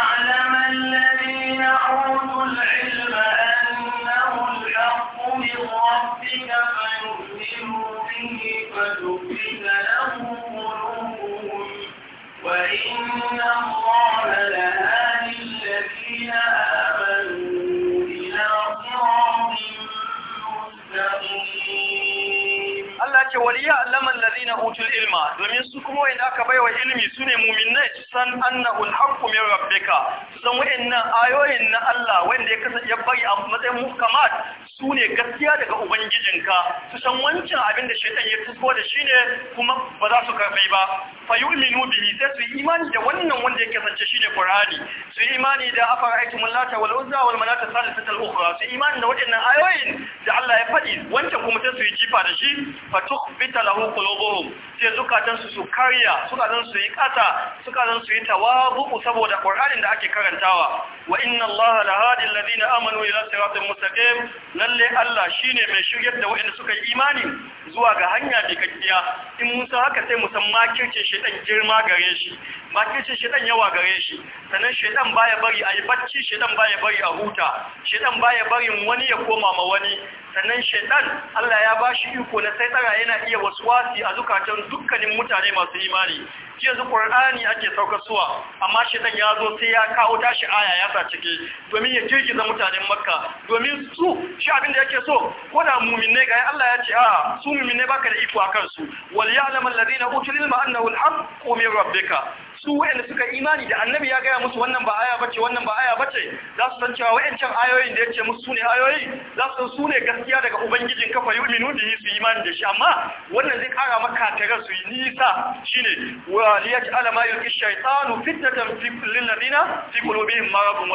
na utul ilma domin su kuma wanda aka baiwa ilmi su ne muminai su san annahu alhaqqu min rabbika su san wayannan ayoyin na Allah wanda ya kasance ya bari a matsayin muhkamat su ne gaskiya daga ubangijinka su san wancan abin da shaitan ya tusko da shi ne kuma ba za su karfai ba fa yu'minu bihi sai su yi imani da wannan wanda ya kasance shi ne ƙur'ani. su yi imani da afara aikin lata wal uzza wal manata salisatul ukhra su yi imani da waɗannan ayoyin da Allah ya faɗi wancan kuma sai su yi jifa da shi fa tukhbita lahu qulubuhum sai zukatan su su karya zukatan su yi kasa zukatan su yi tawabu saboda ƙur'anin da ake karantawa wa inna allaha lahadi alladhina amanu ila siratin mustaqim lalle Allah shine mai shiryar da waɗanda suka yi imani zuwa ga hanya da kakkiya in musa haka sai mu san shi ɗan girma gare shi shi shedan yawa gare shi sannan shedan baya bari a yi bacci shedan baya bari a huta shedan baya barin wani ya koma ma wani sannan shedan Allah ya bashi iko na sai tsara yana iya waswasi a zukatan dukkanin mutane masu imani zu Qur'ani ake saukar suwa. amma shedan ya zo sai ya kawo tashi aya ya sa cike domin ya da mutanen Makka domin su shi abin da yake so ko da mu'minai ga Allah ya ce a su mu'minai baka da iko akan su wal ya'lamu alladhina utul ilma annahu al min rabbika su wayanda suka imani da annabi ya gaya musu wannan ba aya bace wannan ba aya bace za su san cewa wayancan ayoyin da ya musu sune ayoyi za su sune gaskiya daga ubangijin kafa yu'minu bihi su imani da shi amma wannan zai kara maka tare su yi nisa shine wa liyaj'ala ma yulqi shaytanu fitnatan lil ladina fi qulubihim maradun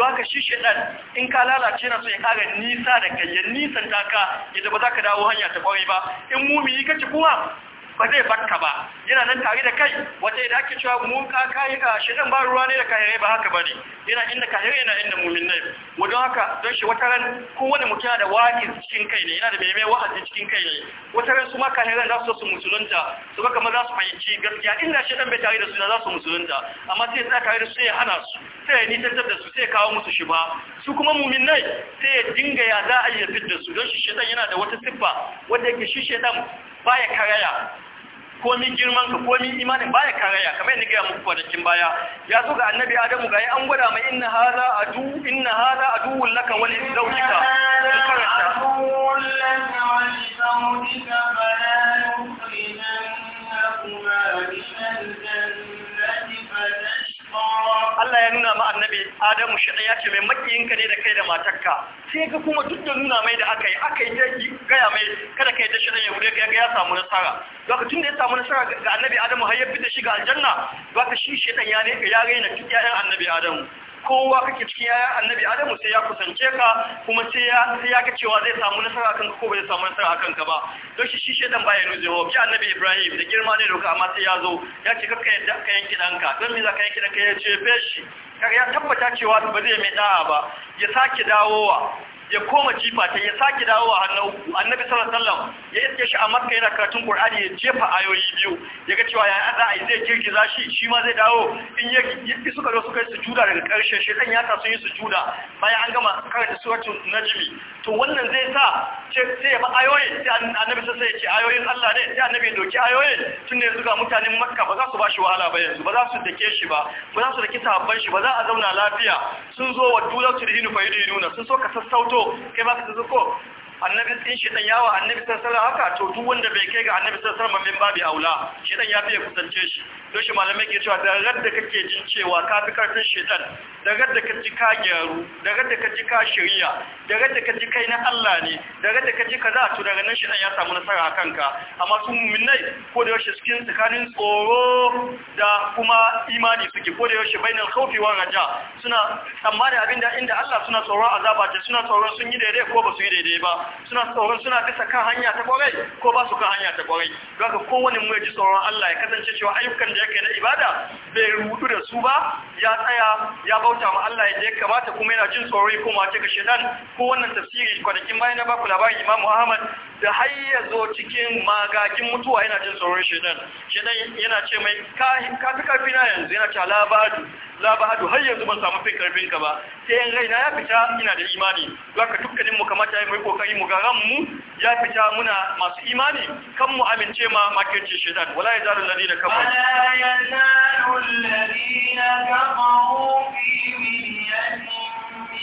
haka shi shaitan in ka lalace na so ya kara nisa da kai nisan taka yadda ba za ka dawo hanya ta kwarai ba in mumini kace kuma ba zai barka ba yana nan tare da kai wata idan ake cewa mu ka kai ka shirin ba ruwa ne da kahirai ba haka bane yana inda kahirai yana inda mumin ne mu don haka don shi wata ran wani mutum yana da wani cikin kai ne yana da meme wa'azi cikin kai ne wata ran su ma kahirai za su su musulunta su ba kamar za su fahimci gaskiya inda shi dan bai tare da su za su musulunta amma sai tsaka tare da su sai ya hana su sai ya nisantar da su sai ya kawo musu shi ba su kuma mumin ne sai ya dinga ya za a yi fitar da su don shi shedan yana da wata siffa wanda yake shi shedan baya karaya komi girman ka komi imanin baya karaya kamar yadda ga muku kwanakin baya ya so ga annabi adamu ga an gwada mai inna hada adu inna hada adu laka wa li zawjika ya nuna ma annabi Adamu shi ya ce mai makiyinka ne da kai da matarka sai ga kuma duk da nuna mai da aka yi aka yi gaya mai kada ka yi da shirin yahude kai ga ya samu nasara lokacin da ya samu nasara ga annabi Adamu har ya fita shi ga aljanna zaka shi shedan ya ne ya raina duk yayan annabi Adamu kowa kake cikin yaya annabi adamu sai ya kusance ka kuma sai ya sai ya ga cewa zai samu nasara kan ka ko bai samu nasara kan ka ba don shi shi dan bayan nuje ho bi annabi ibrahim da girma ne doka amma sai ya zo ya ce kakka yadda ka yanki danka don me za ka yanki danka ya ce feshi kaga ya tabbata cewa ba zai mai da'a ba ya sake dawowa ya koma jifa ta ya sake a hannu annabi sallallahu alaihi wasallam ya iske shi a makka yana karatun qur'ani ya jefa ayoyi biyu Ya ga cewa ya za a zai girgiza shi shi ma zai dawo in ya yi suka zo suka yi sujuda daga karshe shi dan ya ta sun yi sujuda bayan an gama karanta suratu najmi to wannan zai sa sai ya ba ayoyi sai annabi sai ya ce ayoyin Allah ne sai annabi ya doki ayoyin tunda yanzu ga mutanen makka ba za su ba shi wahala ba yanzu ba za su dake shi ba ba za su dake sahabban shi ba za a zauna lafiya sun zo wa dulatul hinu fa yidinuna sun so ka sassauto soko kí ẹ bá ti tuntun kò annabi in shi dan yawa annabi sallallahu haka to duk wanda bai kai ga annabi sallallahu alaihi babi aula shi dan ya fiye kusance shi to shi malamai ke cewa da kake jin cewa ka fi karfin shaitan da radda ka ji ka gyaru da radda ka ji ka shari'a da radda ka ji kai na Allah ne da radda ka ji kaza to daga nan shi dan ya samu nasara a kanka amma su mu'minai ko da yaushe cikin tsakanin tsoro da kuma imani suke ko da yaushe bainal khawfi wa raja suna tsammani abinda inda Allah suna tsoron azaba ce suna tsoron sun yi daidai ko ba su yi daidai ba suna tsoron suna bisa kan hanya ta kwarai ko ba su kan hanya ta kwarai don haka kowane mu ji tsoron Allah ya kasance cewa ayyukan da yake na ibada bai rubutu da su ba ya tsaya ya bauta ma Allah ya je kamata kuma yana jin tsoro ya koma ka ga shedan ko wannan tafsiri kwanakin bayan na baku labarin Imam Ahmad da har ya zo cikin magakin mutuwa yana cin tsoron shaidan shaidan yana ce mai ka fi karfi na yanzu yana ce labadu labadu har yanzu ban samu fin karfin ka ba sai yan raina ya fita ina da imani za ka dukkanin mu kamata ya mai kokari mu garan mu ya fita muna masu imani kan mu amince ma makirci shedan wala ya zaru da kafa wala ya zaru ladina kafaru fi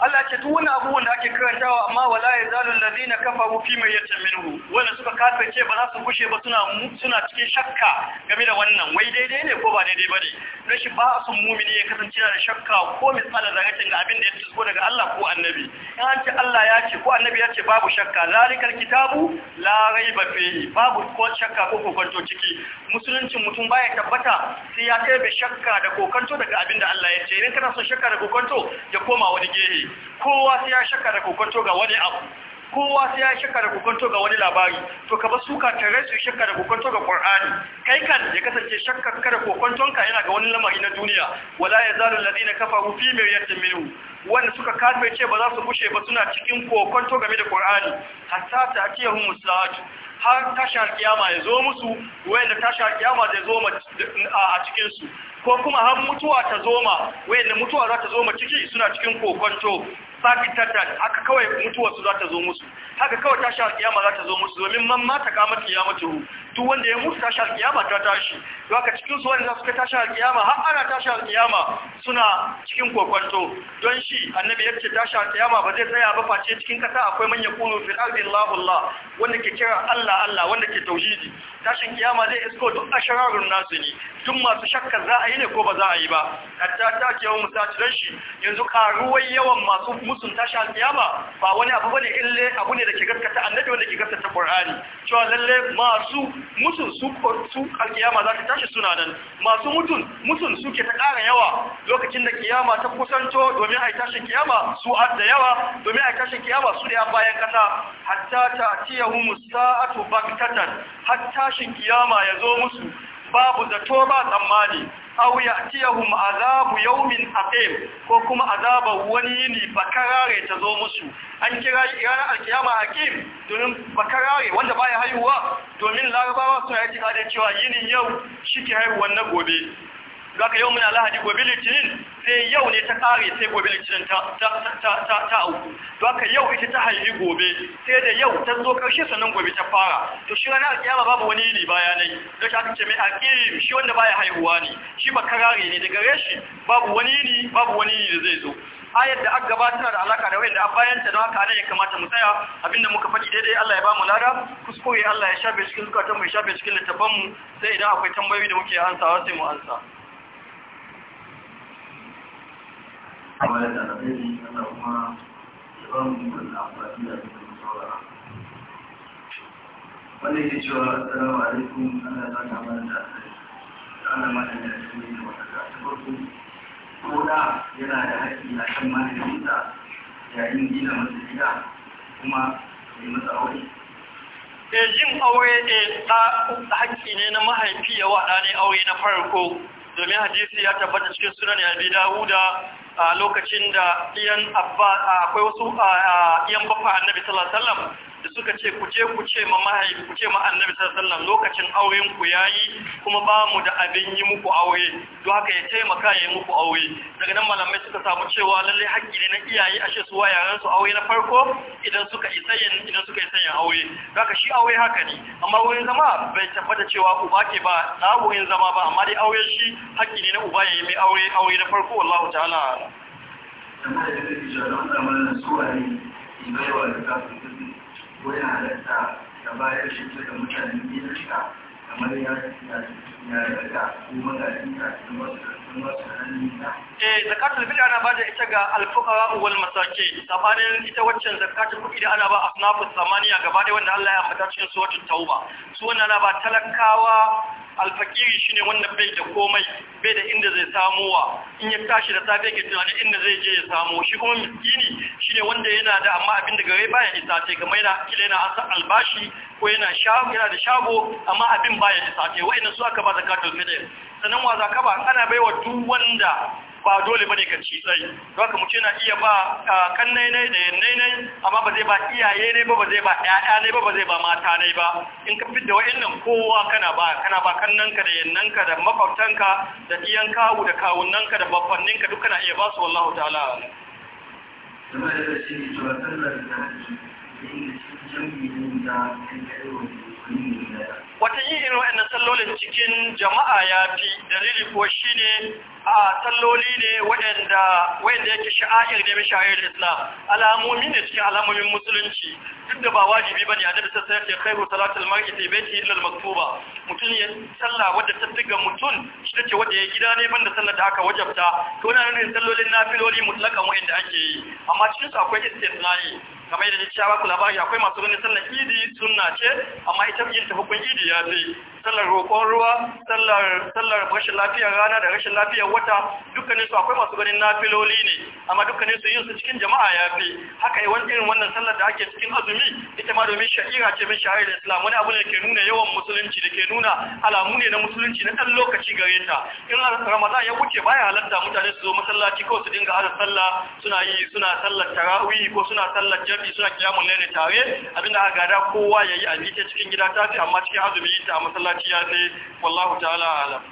Allah ce duk wani abu wanda ake karantawa amma wala zalul ladina kafaru fi man yatamiru wanda suka ce ba za su gushe ba suna suna cikin shakka game da wannan wai daidai ne ko ba daidai ba ne don shi ba su mumini ya kasance da shakka ko misalin zagatin da abin da ya tsiko daga Allah ko annabi in an ce Allah ya ce ko annabi ya ce babu shakka zalikal kitabu la raiba fihi babu ko shakka ko kokonto ciki musuluncin mutum baya tabbata sai ya kai shakka da kokonto daga abin da Allah ya ce idan kana son shakka da kokonto ya koma wani gehe kowa sai ya shaka da kokonto ga wani abu kowa sai ya shaka da kokonto ga wani labari to ka ba suka tare su shaka da kokonto ga Qur'ani kai kan ya kasance shakka da kokontonka yana ga wani lamari na duniya wala yazalu alladhina kafaru fi miryatin minhu wanda suka kafe ce ba za su bushe ba suna cikin kokonto game da Qur'ani hatta ta atiyahum musa'atu har tashar kiyama ya zo musu wanda tashar kiyama zai zo a cikin su ko kuma har mutuwa ta zoma wayanda mutuwa za ta zoma ciki suna cikin kokonto sakitatan haka kawai mutuwar su za ta zo musu haka kawai tashi alkiyama za ta zo musu domin man ma ta kama kiyamatu duk wanda ya mutu tashi alkiyama ta tashi to haka cikin su wanda suka tashi alkiyama har ana tashi alkiyama suna cikin kokwanto don shi annabi yace tashi alkiyama ba zai tsaya ba face cikin kasa akwai manyan kulu fil ardi Allahu Allah wanda ke kira Allah Allah wanda ke tauhidi tashin kiyama zai isko duk ashararun nasu ne duk masu shakka za a yi ne ko ba za a yi ba hatta ta ke ta musatiran shi yanzu karuwar yawan masu musun tashi alƙiyama ba wani abu bane ille abu ne da ke gaskata annabi wanda ke gaskata Qur'ani cewa lalle masu musun su su alƙiyama za ta tashi suna nan masu mutun musun suke ta ƙara yawa lokacin da kiyama ta kusanto domin ai tashi kiyama su adda yawa domin ai tashi kiyama su da bayan kasa hatta ta tiyahu musa'atu baktatan hatta shin kiyama ya zo musu babu zato ba tsammani aw ma'azabu azabu yawmin aqim ko kuma azabar wani yini bakarare ta zo musu an kira ranar alkiyama aqim domin bakarare wanda baya haihuwa domin larabawa suna yi da cewa yinin yau shi ke haihuwar na gobe zaka yau muna lahadi gobe litinin sai yau ne ta kare sai gobe litinin ta ta auku yau ita ta haifi gobe sai da yau ta zo karshe sannan gobe ta fara to shi ranar kiyama babu wani yini bayanai da shi aka ce mai alkiyim shi wanda baya haihuwa ne shi ba karare ne daga reshi babu wani yini babu wani yini da zai zo ayar da aka gabatar da alaka da wayanda an bayanta don haka ya kamata mu tsaya abinda muka faɗi daidai Allah ya bamu lada kuskure Allah ya shafe cikin zukatan mu ya shafe cikin littafan mu sai idan akwai tambayoyi da muke ansawa sai mu ansa amma da alheri Allah kuma ya da wanda ke cewa assalamu alaikum Allah ya saka mana da ana mana da alheri da wata ta farko ko da yana da haƙƙi na kan mahaifinsa yayin gina masa gida kuma ya masa aure e jin aure e eh, haƙƙi ne na mahaifi ya waɗa ne aure na farko domin hadisi ya tabbata cikin sunan abi dawuda lokacin da iyan abba akwai wasu iyan bafa annabi sallallahu alaihi wasallam da suka ce ku je ku ce ma mahaifi ku ce ma annabi sallallahu lokacin auren ku yayi kuma ba mu da abin yi muku aure don haka ya taimaka ya yi muku aure daga nan malamai suka samu cewa lalle haƙƙi ne na iyaye ashe su wa yaran su aure na farko idan suka isa yin idan suka isa yin aure haka shi aure haka ne amma wurin zama bai tabbata cewa uba ke ba na wurin zama ba amma dai aure shi haƙƙi ne na uba ya yi mai aure aure na farko wallahu ta'ala Thank you. ko yana halatta da bayar shi ga mutanen gidansa kamar ya Eh, zakatul bid'a ana bada ita ga alfuqara wal masakin. Tabarin ita waccan zakatul kuɗi da ana ba asnafu samaniya gaba da wanda Allah ya ambata cikin suratul tauba. Su wannan ana ba talakawa alfakiri shine wanda bai da komai, bai da inda zai samu wa. In ya tashi da safe ke tunanin inda zai je ya samu. Shi kuma miskini shine wanda yana da amma abin da gare baya isa sai kamar yana kila yana an albashi ko yana shago yana da shago amma abin baya isa sai Wa'annan su aka ba zakatul fitr sanan wa zaka ba ana baiwa duk wanda ba dole bane ka ci sai don haka ce na iya ba kan ne da ne amma ba zai ba iyaye ne ba ba zai ba 'ya'ya ne ba ba zai ba mata ne ba in ka fitar da wa'annan kowa kana ba kana ba kannanka da yannanka da makwabtanka da iyan kawu da kawunnanka da babbanninka duk kana iya ba su wallahi ta'ala Zama da shi ne cewa da ake yi da shi jami'in da kan wata yin irin wa'annan tsallolin cikin jama'a ya fi dalili ko shi ne. a salloli ne waɗanda yake sha'a'ir ne mashayar islam alamomi ne cikin alamomin musulunci duk da ba wajibi ba ne a dabisa sai ke kai salatul mar'i fi baiti illa masu maktuba Mutum ya salla wadda ta diga mutum shi ce wadda ya gida ne banda sallar da aka wajabta to na ne sallolin nafiloli mutlakan wayanda ake yi amma cikin su akwai istisnai kamar yadda ya ci ba labari akwai masu ganin sallar idi sunna ce amma ita yin ta hukun idi ya fi sallar roƙon ruwa sallar rashin lafiyar rana da rashin lafiyar wata dukkanin su akwai masu ganin nafiloli ne amma dukkanin su yin su cikin jama'a ya fi haka yawan irin wannan sallar da ake cikin azumi ita ma domin sha'ira ce min sha'ira da islam wani abu ne ke nuna yawan musulunci da ke nuna alamu ne na musulunci na ɗan lokaci gare ta in ramadan ya wuce baya halatta mutane su zo masallaci ko su dinga hada sallah suna yi suna sallar tarawih ko suna sallar jami'i suna kiyamun laili tare abinda aka gada kowa yayi a cikin gida ta fi amma cikin azumi ta a masallaci masallaci ya sai wallahu ta'ala alam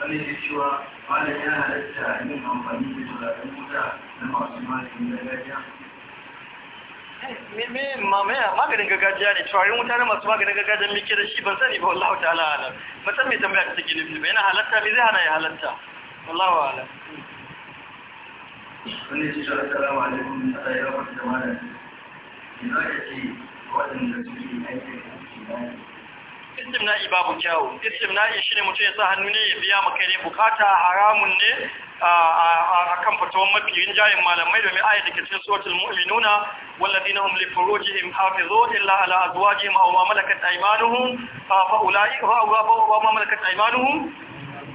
wani ne cewa malam ya halatta yin amfani da turaren wuta na masu maganin gargajiya maganin gargajiya ne turaren wuta na masu maganin gargajiya muke da shi ban sani ba wallahu ta'ala alam ba san me tambaya ta take nufi ba yana halatta me zai hana ya halatta wallahu alam wani ce shi assalamu alaikum Allah ya rafa da malam ina yake waɗanda suke aikin na istimna'i babu kyawu istimna'i shine mutum ya sa hannu ne ya biya maka ne bukata haramun ne a kan fatawan mafi rinjayen malamai domin ayat da ke cikin suratul mu'minuna walladina hum li furujihim hafizun illa ala azwajihim aw ma malakat aymanuhum fa ulai fa wa ma malakat aymanuhum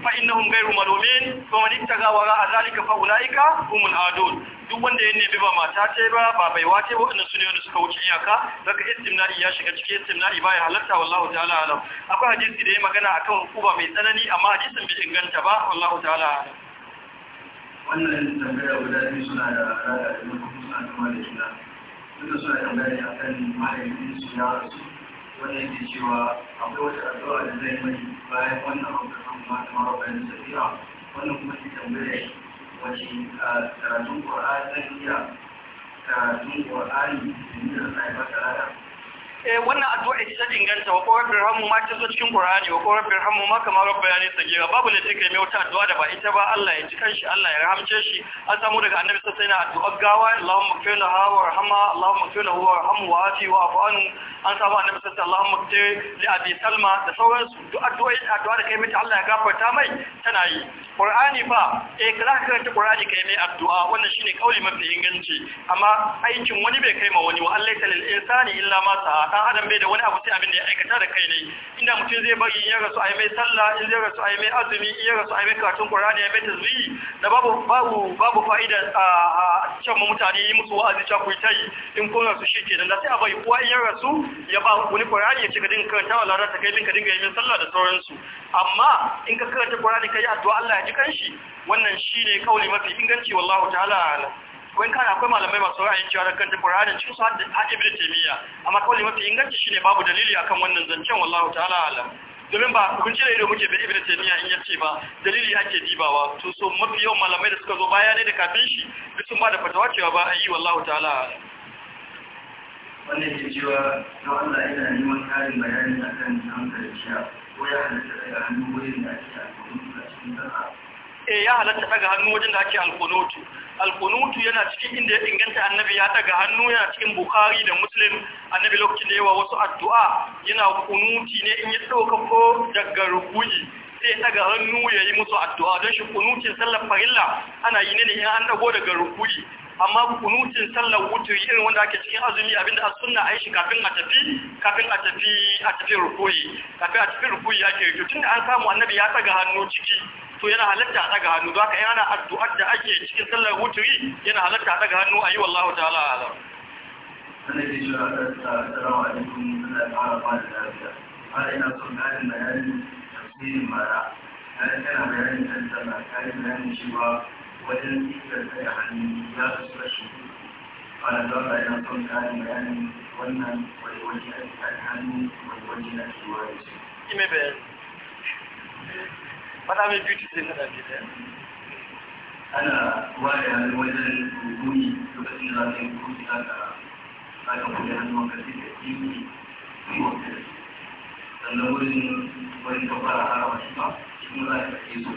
فإنهم غير ملومين فمن اتقى وراء ذلك فأولئك هم العادون duk wanda ya nemi ba mata ce ba ba bai wace ba wannan sune wanda suka wuce iyaka daga istimna'i ya shiga cikin ba ya halarta, wallahu ta'ala alam akwai hadisi da ya magana akan hukuma mai tsanani amma hadisin bai inganta ba wallahu ta'ala alam wannan tambaya guda biyu suna da alaƙa da mutum suna kama da juna duka suna tambaya ne akan mahaifin su ya rasu wanda yake cewa akwai wata addu'a da zai mai bayan wannan abu marabayin tafiya wannan kuma shi tambaya wace karatun ƙwararriya karatun ƙwararri da nuna na ya ba Eh, wannan addu'a ita ta inganta wa kawar ma ta zo cikin Qur'ani wa kawar birhamu ma kamar rabba ya nisa babu da take mai wata addu'a da ba ita ba Allah ya ji kanshi Allah ya rahamce shi an samu daga annabi sallallahu alaihi wasallam addu'a gawa Allahumma kfir lahu Allahumma kfir lahu warhamhu wa afi wa afu an samu annabi sallallahu alaihi wasallam Allahumma li abi salma da sauransu duk addu'a addu'a da kai mata Allah ya gafarta mai tana yi Qur'ani fa eh ka karanta Qur'ani kai mai addu'a wannan shine kauli mafi inganci amma aikin wani bai kai ma wani wa Allah talil insani illa ma sa'a dan adam bai da wani abu sai abin da ya aikata da kai ne inda mutum zai bari in ya rasu a yi mai sallah in zai rasu a yi mai azumi in ya rasu a yi mai karatun qur'ani ya mai tasbihi da babu fa'ida a cikin mutane yi musu wa'azi cewa ku in kun rasu shi kenan da sai a bai kuwa in ya rasu ya ba wani qur'ani ya ce ka dinga karanta wa ta kai din ka dinga yin sallah da sauransu amma in ka karanta ka yi addu'a Allah ya ji kanshi wannan ne kauli mafi inganci wallahu ta'ala kun kana akwai malamai masu ra'ayin cewa kan Qur'ani cikin su hadda Ibn Taymiyyah amma kawai mafi inganci shine babu dalili akan wannan zancen wallahu ta'ala alam domin ba kun cire ido muke da Ibn Taymiyyah in yace ba dalili ake dibawa to so mafi yawan malamai da suka zo baya ne da kafin shi duk sun ba da fatawa cewa ba ayi wallahu ta'ala alam wannan ke cewa don Allah ina neman karin bayani akan nan sha ko ya halatta daga hannun wurin da ake a da cikin sana'a eh ya halatta daga hannu wajen da ake alkunutu alkunutu yana cikin inda ya inganta annabi ya daga hannu yana cikin bukhari da muslim annabi lokacin da yawa wasu addu'a yana kunuti ne in ya dauka ko daga rukuyi sai ya daga hannu yi musu addu'a don shi kunutin sallar farilla ana yi ne ne in an dago daga rukuyi amma kunutin sallar wuturi irin wanda ake cikin azumi abinda a sunna a yi shi kafin a tafi kafin a tafi a tafi rukuyi kafin a tafi rukuyi ya ke tun da an samu annabi ya daga hannu ciki so yana halatta a daga hannu zaka yana addu'ar da ake cikin sallar wuturi yana halatta a daga hannu ayi wallahi ta'ala alam Assalamu alaikum faɗa mai beauty zai faɗa ana waya wajen hukumi lokacin da za ta za ka za ka kuɗe hannun ka sai ka yi wani harawa shi ba shi kuma ke so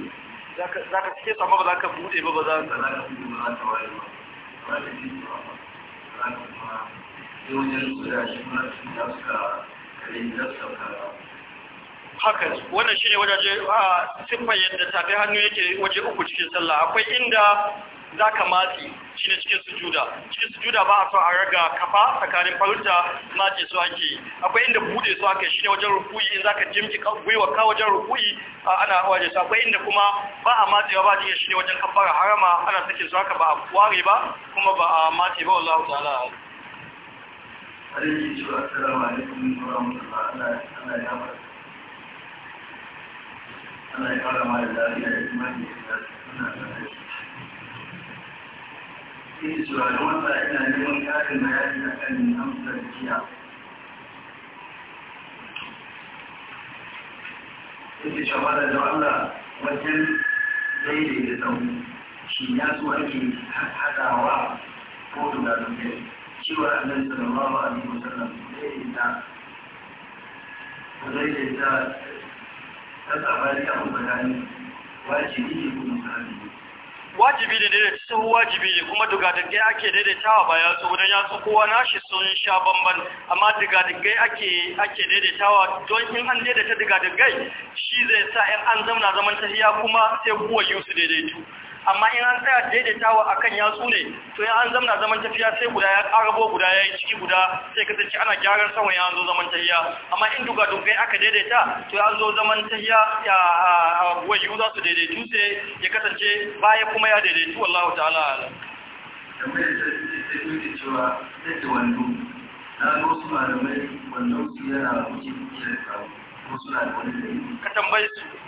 za ka sama ba za ka buɗe ba ba za ka za buɗe ba za ka waye ba ba za ka ci ba ba za ka kuma sai wajen kuɗa shi ka kare haka wannan shine wajaje a siffa yadda tafi hannu yake waje uku cikin sallah akwai inda zaka mati shine cikin sujuda cikin sujuda ba a so a raga kafa tsakanin farunta mati so ake akwai inda bude so ake shi wajen rukuyi in jimki ka jimki ka wajen rukuyi ana waje su akwai inda kuma ba a mati ba jiya shi wajen kafara harama ana sakin so haka ba a ware ba kuma ba a mati ba wallahu ta'ala Assalamu alaikum wa rahmatullahi wa barakatuh. Allah ya fara mara lafiya da kuma ke suna tare da shi. Ina tsoron wata ina neman ƙarin bayani a kan amsar jiya. Ina shawara da Allah wajen daidaita sauri. Shi ya so ake haɗawa ko da dukkan. Cewa Allah sallallahu alaihi wasallam daidaita. Daidaita wajibi ne daidaita su wajibi ne kuma dugadiggai ake daidaitawa ba tsohu don yatsu kowa nashi sun sha bamban amma dugadiggai ake ake daidaitawa don in an daidaita dugadiggai shi zai sa in an na zaman tahiya kuma sai kuwa yusu daidaitu amma in an tsaya daidaitawa kan yatsu ne to in an zamna zaman tafiya sai guda ya karabo guda ya yi ciki guda sai kasance ana gyaran sama ya zo zaman tafiya amma in duka dukai aka daidaita to ya zo zaman tafiya ya wajibu za su daidaitu sai ya kasance baya kuma ya daidaitu wallahu ta'ala ka tambayi su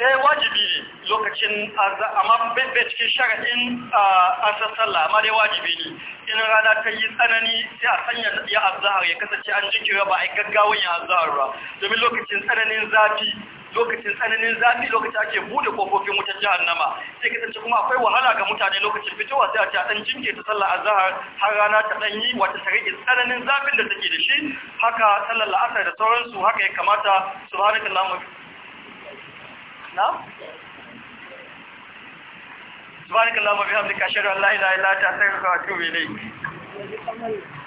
E wajibi ne lokacin amma bai cikin shari'in an sassalla amma dai wajibi ne in rana ta yi tsanani sai a sanya ya azahar ya kasance an jikira ba a yi ya azahar ba domin lokacin tsananin zafi lokacin tsananin zafi lokacin ake bude kofofin wutar jahannama sai kasance kuma akwai wahala ga mutane lokacin fitowa sai a ce a dan jinke ta sallar azahar har rana ta dan yi wata sarki tsananin zafin da take da shi haka sallar la'asar da sauransu haka ya kamata subhanallahi na'am subhanakallahumma bihamdika ashhadu an la aya illa anta astaghfiruka wa atubu ilayk